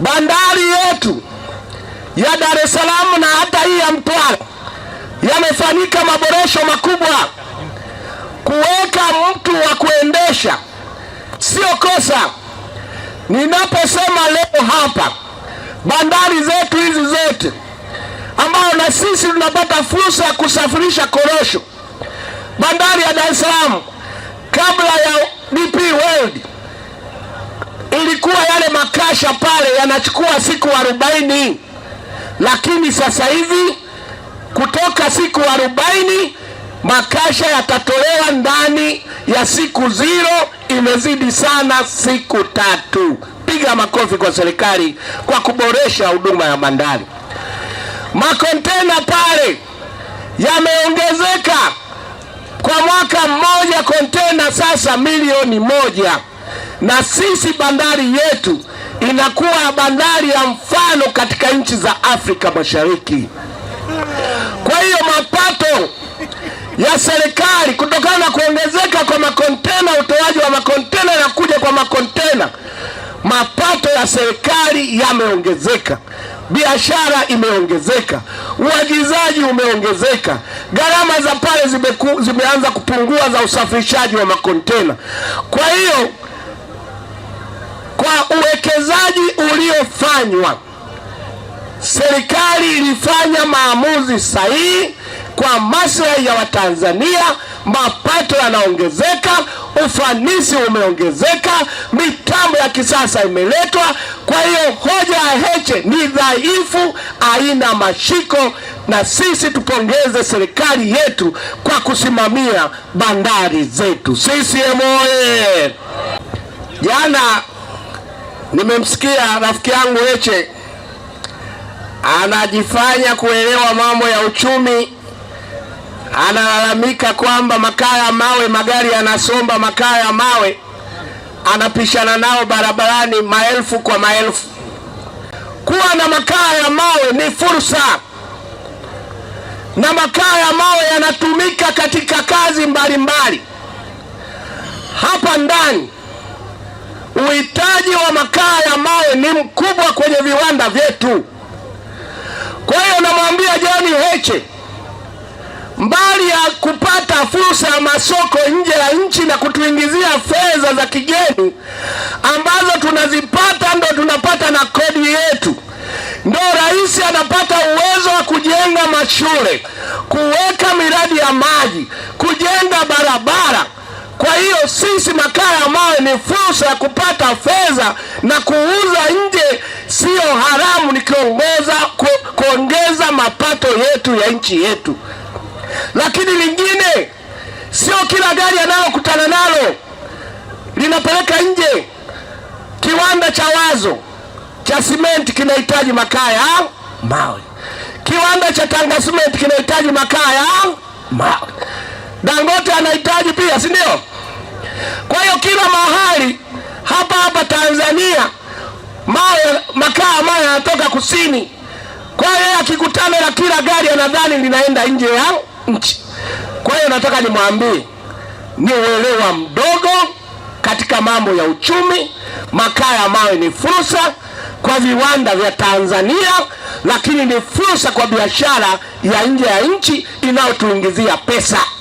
bandari yetu ya Dar es Salaam na hata hii ya Mtwara yamefanyika maboresho makubwa. Kuweka mtu wa kuendesha sio kosa. Ninaposema leo hapa bandari zetu hizi zote, ambayo na sisi tunapata fursa ya kusafirisha korosho, bandari ya Dar es Salaam kabla ya DP World Ilikuwa yale makasha pale yanachukua siku arobaini, lakini sasa hivi kutoka siku arobaini makasha yatatolewa ndani ya siku ziro, imezidi sana siku tatu. Piga makofi kwa serikali kwa kuboresha huduma ya bandari. Makontena pale yameongezeka kwa mwaka mmoja, kontena sasa milioni moja na sisi bandari yetu inakuwa bandari ya mfano katika nchi za Afrika Mashariki. Kwa hiyo mapato ya serikali kutokana na kuongezeka kwa makontena, utoaji wa makontena na kuja kwa makontena, mapato ya serikali yameongezeka, biashara imeongezeka, uagizaji umeongezeka, gharama za pale zimeanza kupungua za usafirishaji wa makontena. Kwa hiyo uliofanywa, serikali ilifanya maamuzi sahihi kwa maslahi ya Watanzania. Mapato yanaongezeka, ufanisi umeongezeka, mitambo ya kisasa imeletwa. Kwa hiyo hoja ya Heche ni dhaifu, haina mashiko, na sisi tupongeze serikali yetu kwa kusimamia bandari zetu. CCM oye! Jana Nimemsikia rafiki yangu Heche anajifanya kuelewa mambo ya uchumi, analalamika kwamba makaa ya mawe, magari yanasomba makaa ya mawe, anapishana nao barabarani maelfu kwa maelfu. Kuwa na makaa ya mawe ni fursa, na makaa ya mawe yanatumika katika kazi mbalimbali mbali. Hapa ndani uhitaji wa chache mbali ya kupata fursa ya masoko nje ya nchi na kutuingizia fedha za kigeni ambazo tunazipata, ndo tunapata na kodi yetu, ndo rais anapata uwezo wa kujenga mashule, kuweka miradi ya maji, kujenga barabara. Kwa hiyo sisi, makaa ya mawe ni fursa ya kupata fedha na kuuza nje hiyo haramu ni kuongeza kuongeza mapato yetu ya nchi yetu. Lakini lingine, sio kila gari anayokutana nalo linapeleka nje. Kiwanda cha Wazo cha simenti kinahitaji makaa ya mawe, kiwanda cha Tanga simenti kinahitaji makaa ya mawe, Dangote anahitaji pia, si ndio? Kwa hiyo kila mahali hapa hapa Tanzania mawe makaa ambayo yanatoka kusini. Kwa hiyo akikutana na kila gari anadhani linaenda nje ya nchi. Kwa hiyo nataka nimwambie ni uelewa mdogo katika mambo ya uchumi. Makaa ya mawe ni fursa kwa viwanda vya Tanzania, lakini ni fursa kwa biashara ya nje ya nchi inayotuingizia pesa.